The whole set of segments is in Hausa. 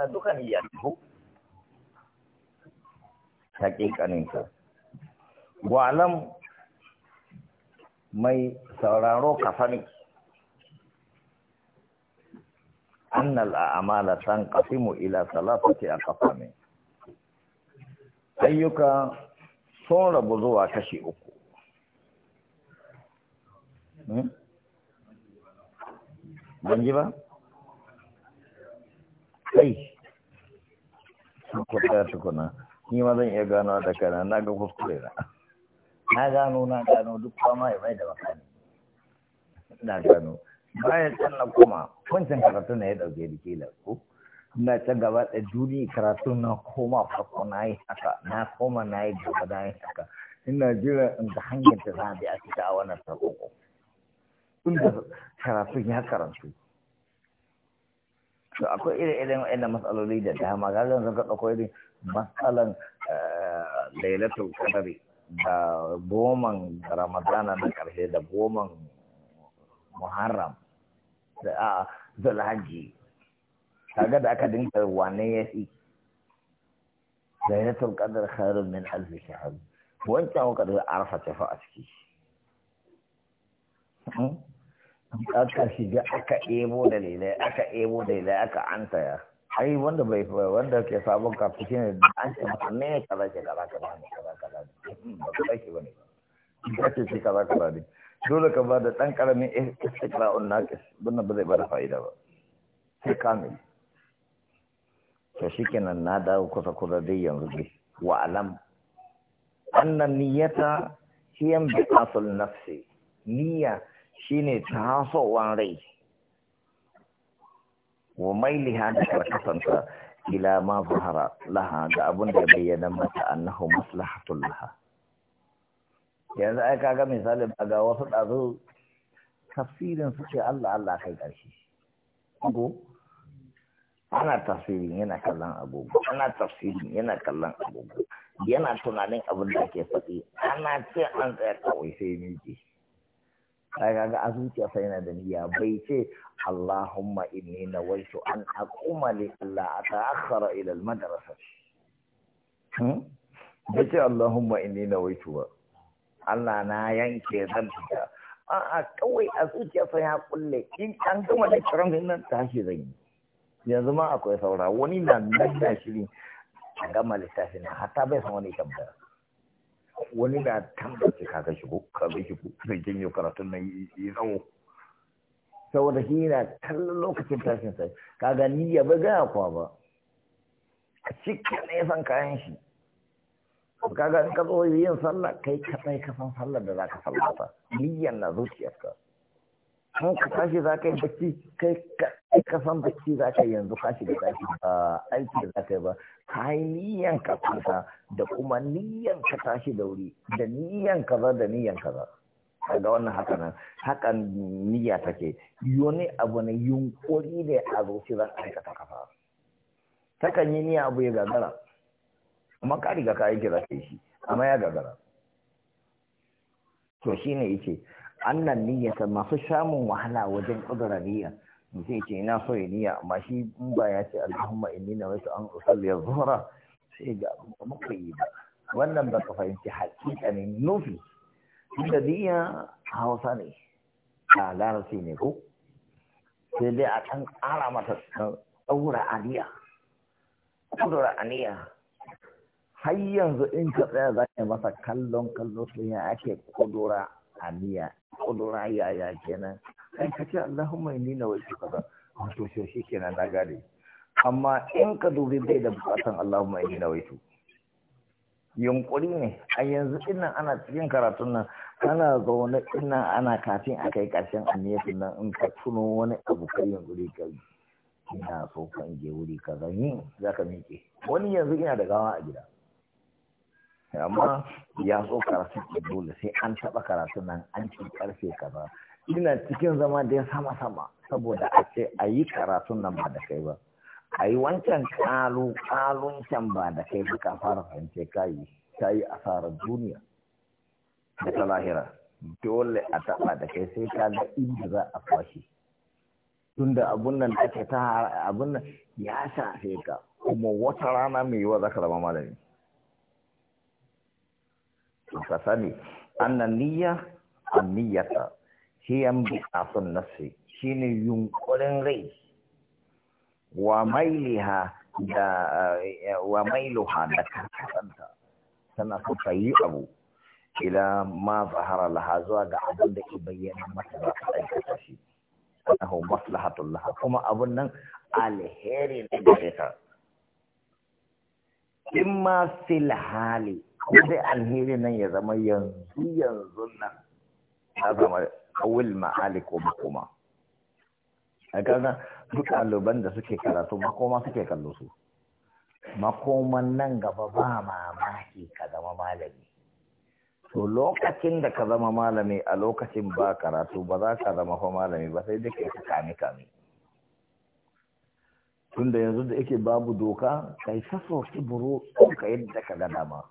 kan duka niyyar ku hakikanin ku walam mai sauraro ka sani annal a'mala kasimu ila salatati aqsami ayyuka sun rabu zuwa kashi uku Hmm? ji ba kai kuka tukuna ni ma zan iya gano da kana na ga kuskure na na gano na gano duk ba ya mai da makani na gano bayan can na koma wancan karatu na ya dauke da kila ko na ta gaba da duni karatu na koma farko na yi haka na koma na yi gaba na yi haka ina jira in ga hanyar da za a bi a fita a wannan sarƙoƙo tun da karatun ya karantu to akwai iri irin wa'ina matsaloli da dama ga zan zaka dauko irin matsalan eh, lailatul qadari da goman ramadana na ƙarshe da goman muharram da a zulhaji kaga da aka dinka wane ya fi lailatul qadr khairun min alf shahr wancan wakadar arfa tafa a ciki hmm? aka shiga aka ebo dalilai aka ebo dalilai aka antaya ai wanda bai wanda ke sabon kafin shi ne an ce masa me kaza ce kaza kaza ne kaza kaza ne ba ku dace bane ba ce ce kaza kaza ne dole ka ba da ɗan karamin istiqra'un naqis wannan ba zai bada fa'ida ba sai kamil to shikenan na dawo kusa kusa dai yanzu dai wa alam anna niyyata hiya bi asl nafsi niyya ne tasowan rai wa liha da karkasanta ila ma zuhara laha ga abin da bayyana mata annahu maslahatul laha yanzu ai kaga misali ga wasu ɗazu tafsirin su ce Allah Allah kai karshe ko ana tafsirin yana kallon agogo ana tafsirin yana kallon agogo yana tunanin abin da ke faɗi ana ce an tsaya kawai sai miji kaga a zuciyarsa yana da niyya bai ce Allahumma inni nawaitu an aquma li alla ata'akhkhara ila al-madrasa hmm? bai ce Allahumma inni nawaitu ba Allah na yanke zan fita a'a kawai a zuciyarsa ya kulle in an gama da kiran nan tashi zan yi yanzu ma akwai saura wani na nan na shirin a gama littafin hatta bai san wani tambaya wani da tambace kaga shigo ka bi shigo zai janyo karatun nan yi tsawo saboda shi yana kallon lokacin tashin sai kaga ni ya ba gaya kwa ba a cikin ne san kayan shi kaga in ka zo yin sallah kai sai ka san sallar da zaka sallata niyyan na zuciyarka kan ka tashi za ka yi bacci kai ka san bacci za ka yanzu kashi da tashi a aiki da za ka yi ba ka yi niyan ka kusa da kuma niyan ka tashi da wuri da niyan kaza da niyan kaza daga wannan haka nan hakan niyya take yoni abu ne yunkuri ne a zuci ka aikata kafa takan yi niyya abu ya gagara amma ka riga ka yi shi amma ya gagara to shine yace annan niyyata masu samun wahala wajen ƙudura niyya mutum ce ina so ya niyya amma shi in ba ya ce alhamma inni na wasu an usul ya zuhra sai ga da muka yi ba wannan ba ka fahimci hakika ne nufi tunda niyya hausa ne a larasi ne ko sai dai a kan ƙara mata ɗaura aniya ƙudura aniya har yanzu in ka tsaya za ka masa kallon kallo sun ya ake kudura. aniya kudura ya kenan kai ka ce Allahumma inni nawaitu kaza to shi shi kenan na gane amma in ka dubi bai da bukatan Allahumma inni nawaitu yunkuri ne a yanzu dinnan ana cikin karatun nan kana wani dinnan ana kafin a kai karshen aniyatun nan in ka tuno wani abu kai yunkuri kai ina so kan je wuri kaza yin zaka miƙe wani yanzu ina da gawa a gida amma ya zo karatu dole sai an taɓa karatu nan an ci karfe kaza ina cikin zama da ya sama sama saboda a ce a yi karatun nan ba da kai ba a yi wancan kalun can ba da kai ba ka fara fahimce kayi ta yi asarar duniya da ta lahira dole a taɓa da kai sai ka ga inda za a kwashe tunda abun nan ta ake ta abun nan ya shafe ka kuma wata rana mai yiwa za ka zama malami to ka sani annan niyya an niyyata hiyan nasi nafsi shine yunkurin rai wa mailiha da wa mailuha da kasanta tana so yi abu ila ma zahara laha zuwa ga abin da ke bayyana mata ba ta aikata shi annahu maslahatul laha kuma abun nan alheri ne da ita imma fil hali dai alheri nan ya zama yanzu yanzu nan ta zama awul ma'alik makoma a kaga duk ɗaliban da suke karatu makoma suke kallo su makoman nan gaba ba mamaki ka zama malami to lokacin da ka zama malami a lokacin ba karatu ba za ka zama fa malami ba sai ke ka kame kame tunda yanzu da yake babu doka kai sasso ki buru ka yadda ka ga dama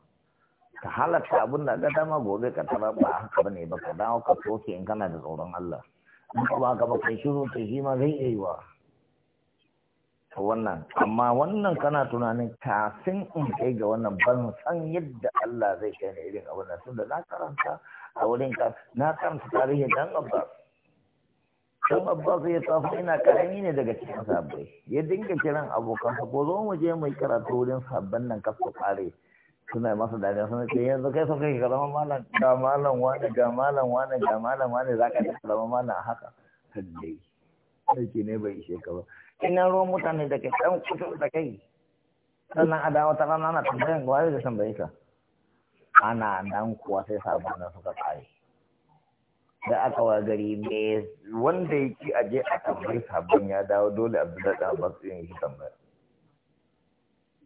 ka halatta abin da ga dama gobe ka tara ba haka bane ba ka dawo ka soke in kana da tsoron Allah in ka ba ka ba kai shiru ta shi ma zai iya yiwa to wannan amma wannan kana tunanin kafin in kai ga wannan ban san yadda Allah zai kai ni irin abin nan tunda na karanta a wurin ka na karanta tarihi dan Abbas dan Abbas ya tafi ina karami ne daga cikin sabbai ya dinga kiran abokan ko zo mu je mu karatu wurin sabban nan kafa kare suna masa dariya suna ce yanzu kai sun kai ka zama malam ga malam wani ga malam wani ga malam wani za ka zama malam haka kaddai sarki ne bai ishe ka ba ina ruwan mutane da ke ɗan kusa da kai sannan a dawo ta rana na tambayan gwari da tambaye ka ana nan kuwa sai sabon suka kare da aka wa gari me wanda yake aje a tambayi sabon ya dawo dole bi da abbas yin shi tambaya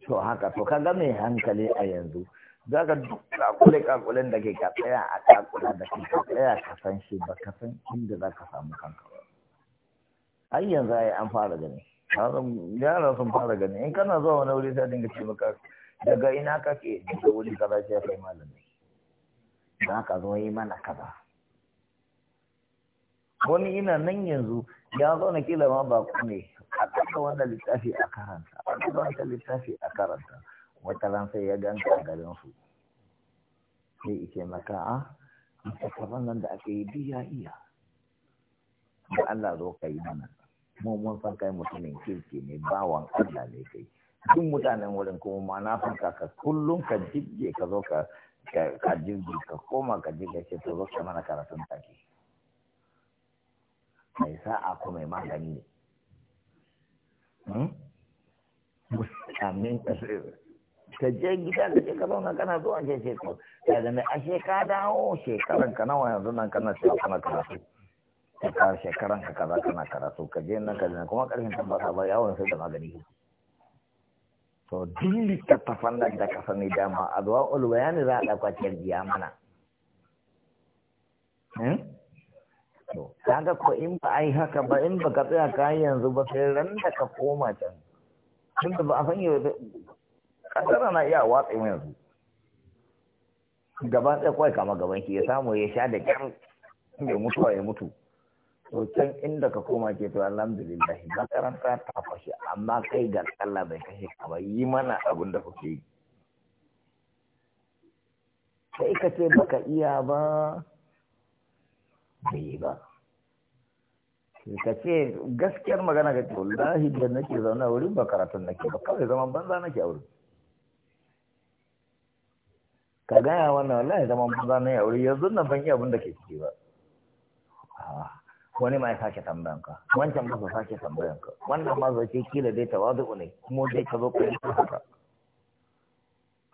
to haka to kaga mai hankali a yanzu za ka duk kule kakulen da ke ka tsaya a kakula da ke ka tsaya ka san shi ba ka san inda za ka samu kanka ba ai yanzu ai an fara gani yara sun fara gani in kana zuwa wani wuri sai dinga ce maka daga ina kake da wuri kaza sai kai malami za ka zo yi mana kaza wani ina nan yanzu ya zo na kila ma ba ku ne a ɗauka wanda littafi a karanta a ɗauka wanda littafi a karanta wata ya ganka a garin su sai ike maka a ah, littattafan nan da aka yi biya iya da Allah zo ka yi mana mu mun san kai mutumin kirki ne bawan Allah ne kai duk mutanen wurin kuma ma na fanka ka kullum ka jibge ka zo ka ka koma ka koma ka ce zo ka mana karatun take mai sa'a ko mai magani ne hmm? amin ka je gida da je ka zauna kana zuwa ke ce ko ya zama a shekara dawo shekaran ka nawa yanzu nan kana cewa kana karatu ka shekaran ka kaza kana karatu ka je nan ka je kuma karfin ta ba yawon sai da magani to duk littattafan nan da ka sani dama a zuwa ulbayani za a ɗauka ciyar mana. mana hmm? kaga ko in ba ai haka ba in ba ka tsaya ka yanzu ba sai ran da ka koma can tunda ba a san yau kasara na iya watsa mu yanzu gaban tsaye kawai kama gaban ki ya samu ya sha da kyan ya mutu ya mutu to can inda ka koma ke to alhamdulillah makaranta ta fashe amma kai ga Allah bai kashe ka ba yi mana abin da kuke yi sai ka ce baka iya ba yi ba ka ce gaskiyar magana ka ce wallahi da nake zaune a wurin ba karatun nake ba kawai zaman banza nake a wurin ka gaya wannan wallahi zaman banza nake a wurin yanzu nan ban iya abin da ke ciki ba wani ma ya sake tambayan ka wancan ba su sake tambayan ka wannan ma zai ce kila dai tawazu ne kuma dai ka zo ka yi haka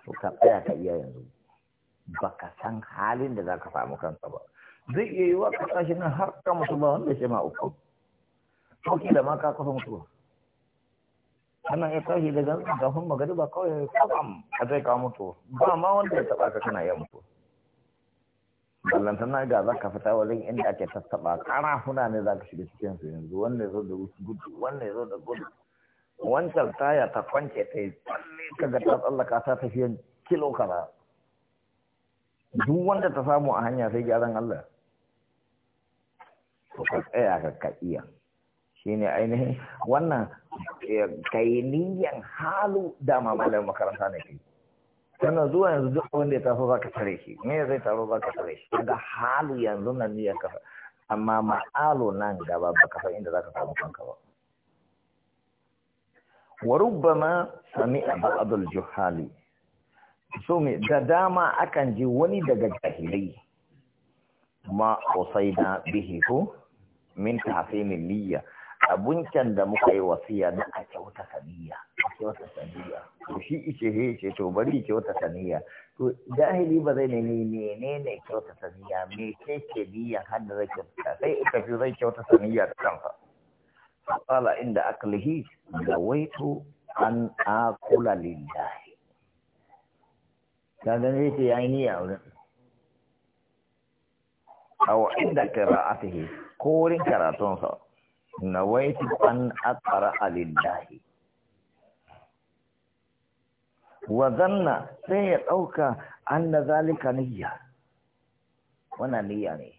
to ka tsaya ka iya yanzu ka san halin da za ka samu kanka ba zai iya yi wa kasashe nan har ka mutu ba wanda shi ma uku ko da ma ka kafa mutuwa ana ya tashi daga gafin magariba kawai kafam a zai kawo mutu ba ma wanda ya taba ka kana ya mutu ballantana ga za ka fita wajen inda ake tattaba huna ne za ka shiga cikin su yanzu wanda ya zo da gudu wanda ya zo da gudu wancan taya ta kwance ta yi tsalle ka ga ta tsallaka ta tafiyan kilo kaza duk wanda ta samu a hanya sai gyaran Allah ka tsaya ka ka iya shine ainihin wannan eh, kai niyan halu dama malam makaranta ne kai sannan zuwa yanzu duk wanda ya tafi zaka tare shi me zai tafi zaka tare shi daga halu yanzu nan niyan ka amma ma'alo nan gaba ba kafa inda zaka samu kanka ba وربما سمع juhali so me da dama akan ji wani daga jahilai ma na bihi ko min tahsimin niyya abuncan da muka yi wasiya na a kyauta saniya a kyauta saniya to shi ice he ce to bari kyauta saniya to jahili ba zai nemi menene kyauta saniya me ce ke niyya har da zai kyauta sai ita fi zai kyauta saniya da kansa qala inda aklihi da waitu an akula lillahi kaga ne ce yayi niyya wurin aw inda qira'atihi ko wurin karatunsa nawaitu an aqra lillahi wa zanna sai ya dauka anna zalika niyya wannan niyya ne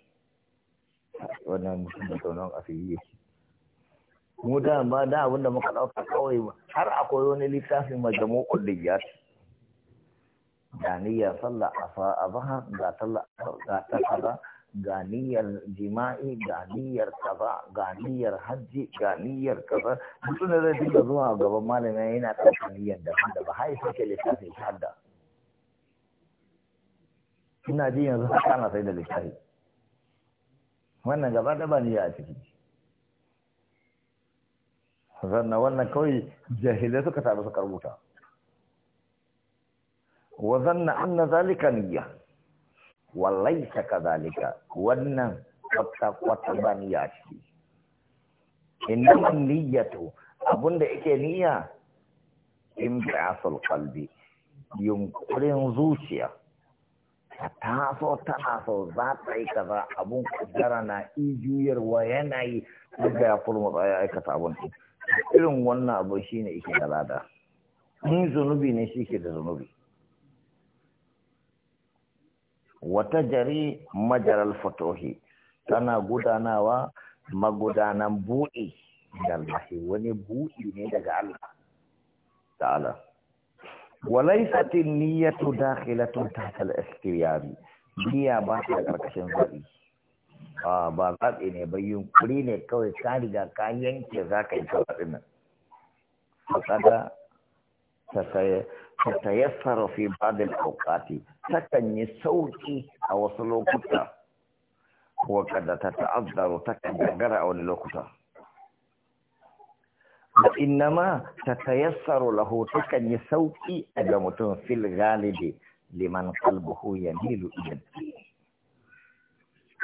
wannan mutum da taunan asiri yake mu da ba da abin da muka ɗauka kawai ba, har akwai wani littafin majmu'ul liyyat da niyya sallah a afa azhar da sallah da ta kaza ga niyyar jima'i ga niyyar kaza ga niyyar hajji ga niyyar kaza mutum da zai dinga zuwa gaban malamin yana ɗaukar niyyar da da ba hai ke littafi shadda ina ji yanzu haka na sai da littafi wannan gaba da ba niyya a ciki zanna wannan kawai jahilai suka taru suka rubuta wa zanna anna zalika niyya ta kazalika, wannan kwata kwata ba niyya ce da niyyatu abunda yake niyya imtiasul qalbi yunkurin zuciya ta taso tana so za ta yi kaza abun kudara na ijuyarwa yana yi duk ya furmutsa ya aikata abun irin wannan abu ne ike da lada in zunubi ne shi ke da zunubi wata jari majaral fatohi tana gudanawa magudanan buɗi da Allah wani buɗi ne daga Allah ta'ala walaisatin niyyatu dakhilatun tahta al-ikhtiyari niyya ba ta karkashin zabi a ba zabi ne ba yunkuri ne kawai ka riga ka yanke zaka yi kawai nan fakada ta tayassara fi ba'd al-awqati takan yi sauki a wasu lokuta wa kada ta ta'azzaru takan gagara a wani lokuta da ma ta tayassaru lahu takan yi sauki a ga mutum fil galibi liman kalbuhu ya nilu idan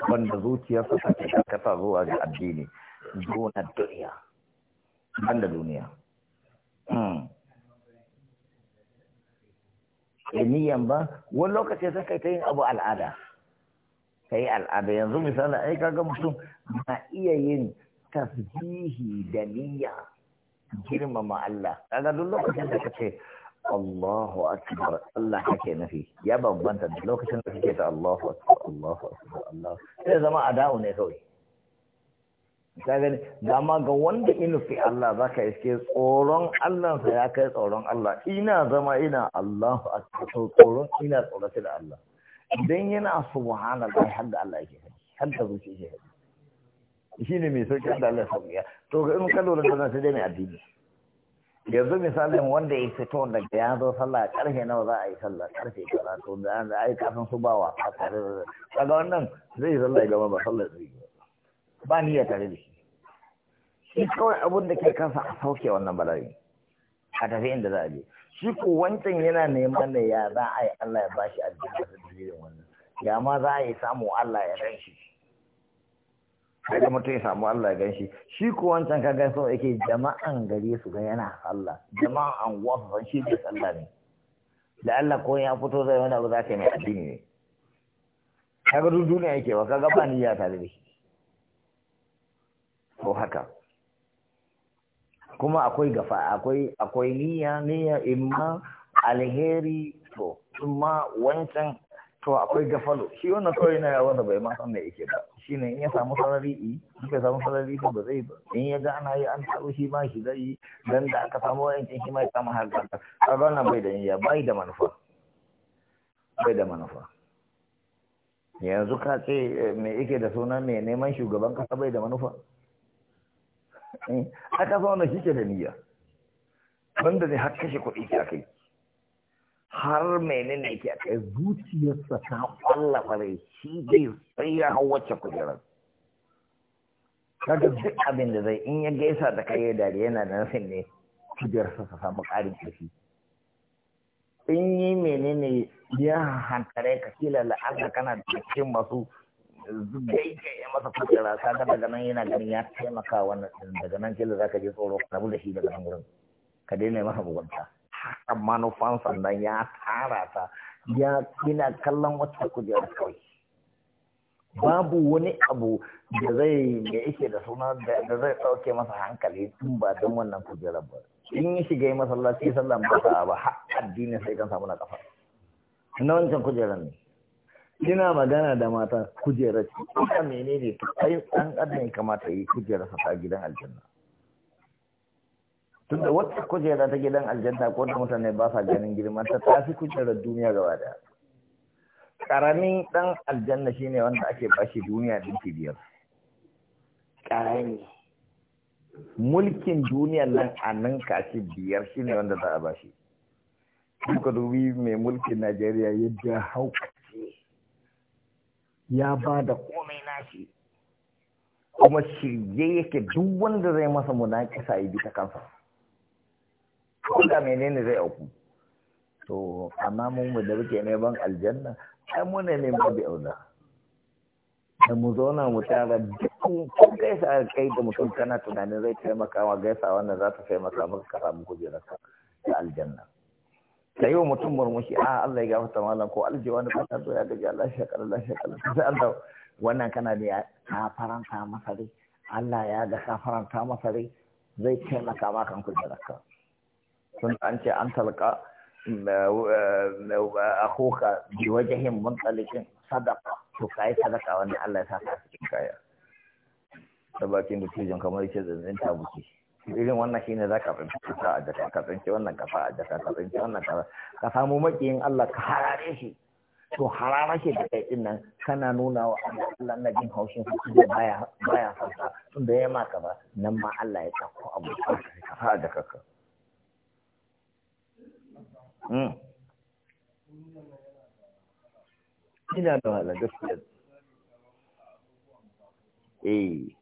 wanda zuciyarsa ta ke karkata zuwa ga addini duna duniya banda duniya hmm. niyan ba wani lokaci sai kai ta yin abu al'ada ka yi al'ada yanzu misali ai kaga mutum na iya yin tasbihi da niyya girmama Allah kaga duk lokacin da kace Allahu akbar Allah kake nufi ya bambanta da lokacin da kake ta Allahu akbar Allahu akbar Allah sai zama ada'u ne kawai ka gani dama ga wanda inufi Allah za ka iske tsoron Allahnsa ya kai tsoron Allah ina zama ina Allah a tsoron ina tsorata da Allah idan yana subhanallah har da Allah yake har da zuci yake shi ne mai sauki da Allah ya to ga in ka lura da zan sai dai mai addini yanzu misalin wanda ya fito daga ya zo sallah karfe nawa za a yi sallah karfe kaza to da ai kafin su bawa a tare da kaga wannan zai sallah ya gaba ba sallah zai ba niyya tare da shi kawai abin da ke kansa a sauke wannan bala'i a tafi inda za a je shi ko wancan yana neman da ya za a yi Allah ya bashi jikin da jirgin wannan ya ma za a yi samu Allah ya gan shi kaga mutum ya samu Allah ya gan shi shi ko wancan kaga so yake jama'an gari su ga yana sallah jama'an anguwa su san shi da sallah ne da Allah ko ya fito zai wani abu za ka yi mai addini ne kaga duk duniya yake wa kaga ba ya tare da shi ko haka kuma akwai gafa akwai akwai niyya niyya imma alheri to imma wancan to akwai gafalo shi wannan kawai yawa da bai ma san me yake ba shine in ya samu sarari i in ya samu sarari ba ba zai ba in ya ga ana yi an taro shi ma shi zai yi dan da aka samu wancan shi ma ya samu har gaba kaga wannan bai da niyya bai da manufa bai da manufa yanzu ka ce eh, me yake da suna mai neman shugaban kasa bai da manufa Eh, aka zauna shi ke da niyya wanda zai haka shi kuɗi ke akai har menene ke kai, zuciyarsa ta kwalla kwarai shi zai tsaya a wacce kujerar kaga duk abin da zai in ya gaisa da kai dariya yana da nufin ne kujerarsa ta samu ƙarin ƙarfi in yi menene ya hankare ka kila la'arka kana da cikin masu ya masa kujera kaga daga nan yana ganin ya taimaka wannan daga nan kila zaka je tsoro ka rabu da shi daga nan gurin ka daina masa mugunta hakan manufan sannan ya tara ta ya ina kallon wata kujera kawai babu wani abu da zai da yake da suna da zai ɗauke masa hankali tun ba don wannan kujerar ba in yi shiga masallaci sallan ba ba har addinin sai kan samu na kafa na wancan kujerar ne ina magana da mata kujera ce mene menene ta kai ɗan ƙarni ya kamata yi kujera sa ta gidan aljanna tunda wata kujera ta gidan aljanna ko da mutane ba sa ganin girman ta tafi kujerar duniya gaba da Ƙaramin ɗan aljanna shine wanda ake bashi duniya din biyar Ƙarami. mulkin duniyar nan a nan kashi biyar shine wanda za a bashi duka dubi mai mulkin Najeriya yadda hauka ya ba da komai nashi kuma shirye yake duk wanda zai masa munakisa ya bi ta kansa ko da menene zai auku to amma mun mu da muke neman aljanna ai mu ne ne mu bi aula da mu zauna mu tara dukkan ko gaisa kai da mutum kana tunanin zai taimaka wa gaisa wannan za ta taimaka maka ka samu da aljanna ka yi wa mutum murmushi a Allah ya gafarta malam ko aljihu wani fata zo ya gaji Allah shi Allah shi sai Allah wannan kana da ya faranta masa dai Allah ya ga ka faranta masa dai zai taimaka ma kan kujerarka sun an ce an talka eh, eh, akhuka bi wajhin muntalikin sadaqa to kai sadaqa wannan Allah ya sa cikin kaya da bakin da tijin kamar yake zanzanta buki irin wannan shine za ka fahimci kasa a jaka ka tsinci wannan kasa a jaka ka tsinci wannan kasa ka samu makiyin Allah ka harare shi to harara shi da kai din nan kana nuna wa Allah na jin haushin su da baya baya fasa tun da ya maka ba nan ma Allah ya tsako abu ka sa a jaka ka hmm. ina da wahala gaskiya eh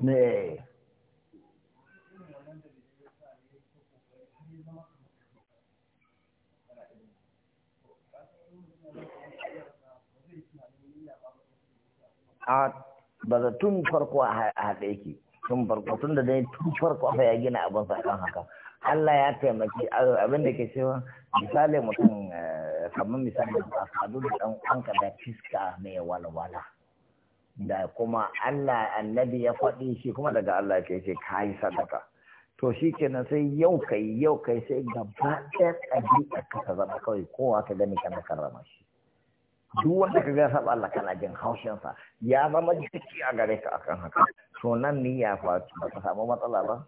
a ba tun farko a haɗe yake tun farko tun da dai tun farko a ya gina abin sa kan haka Allah ya taimaki abin da ke cewa misali mutum eh, kamar misali a sadu da ɗan uwanka da fiska mai walwala da kuma Allah annabi ya faɗi shi kuma daga Allah ke ce ka yi sadaka to shi kenan sai yau kai yau kai sai gaba ɗaya ɗabi'a ka ta zama kawai kowa ka gani kana karrama shi duk wanda ka gasa saba Allah kana jin haushinsa ya zama jiki a gare ka akan haka to nan ya faɗi ba ka samu matsala ba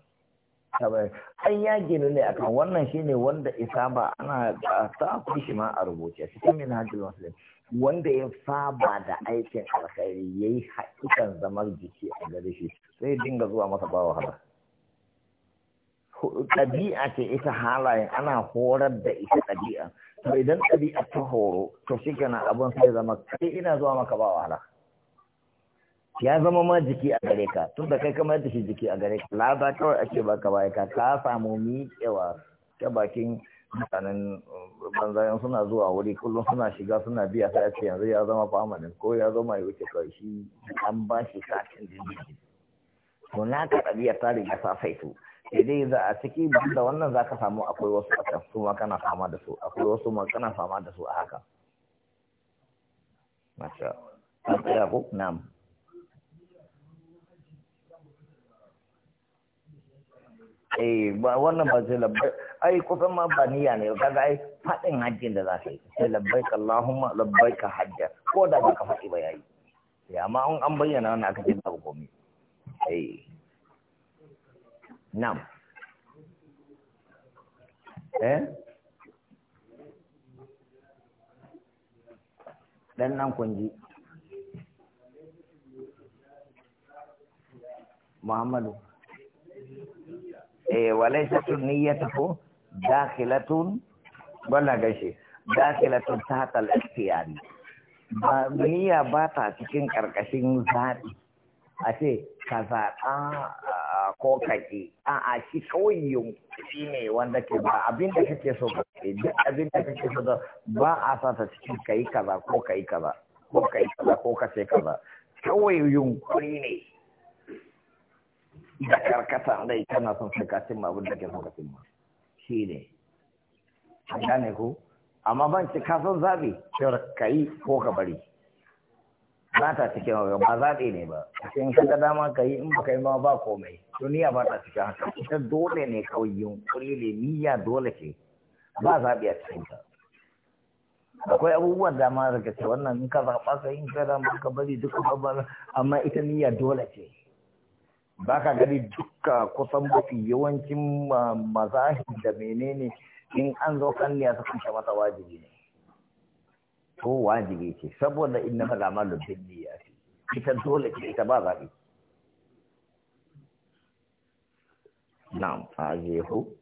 an ya gina ne a kan wannan shine wanda isa ba ana ta akwai shi ma a rubuce cikin min hajjul muslim wanda ya saba da aikin alkhairi ya yi haƙiƙan zamar jiki a gare shi sai dinga zuwa masa ba wahala ɗabi'a ce ita halayen ana horar da ita ɗabi'a to idan ɗabi'a ta horo to shi kenan abin sai zama kai ina zuwa maka ba wahala ya zama ma jiki a gare ka tun da kai kamar da shi jiki a gare ka laba kawai ake baka baya ka ka samu miƙewa ta bakin mutanen uh, banzayen suna zuwa wuri kullum suna shiga suna biya sai a yanzu ya zama famanin ko ya zama ya wuce kawai shi an ba shi katin jinjiki to na ka ɗabi'a ta ya sa saitu za a ciki da wannan za ka samu akwai wasu a su ma kana fama da su akwai wasu ma kana fama da su a haka. Masha. An ko? Na'am. eh ba wannan ba sai labbai ai kusan ma ba niyya ne kaga ai fadin hajjin da za ka yi sai labbai Allahumma labbai ka hajja ko da ba ka faɗi ba yayi eh amma an an bayyana wannan aka ce babu komai eh nam eh dan nan kunji Muhammadu eh walaysatul niyyatu dakhilatun wala gashi dakhilatun tahta al-ikhtiyari ba niyya ba ta cikin karkashin zaɓi a ce ka ah, ko kaki a shi kawai yunkuri ne wanda ke ba abin da kake so ba duk abin da kake so da ba a sa ta cikin kai kaza ko kai kaza ko kai kaza ko kace kaza kawai ne da karkata rai kana son sai ka cimma abin da ke son ka cimma shi ne a gane ko amma ban ci ka son zaɓi cewar ka yi ko ka bari ba ta cikin wa ba zaɓi ne ba cikin ka ga dama ka yi in ba ka yi ma ba komai duniya ba ta cikin haka ita dole ne kawai yunƙuri ne niyya dole ce ba zaɓi a cikin ta akwai abubuwan dama daga ce wannan in ka zaɓa ka yi in ka dama ka bari duka babbar amma ita niyya dole ce ba ka gani duka kusan mafi yawancin mazahi da menene in an zo kan ne su kusa mata wajibi ne to wajibi ce saboda inna ma lamalu ya ce ita dole ce ita ba zaɓi na'am a jehu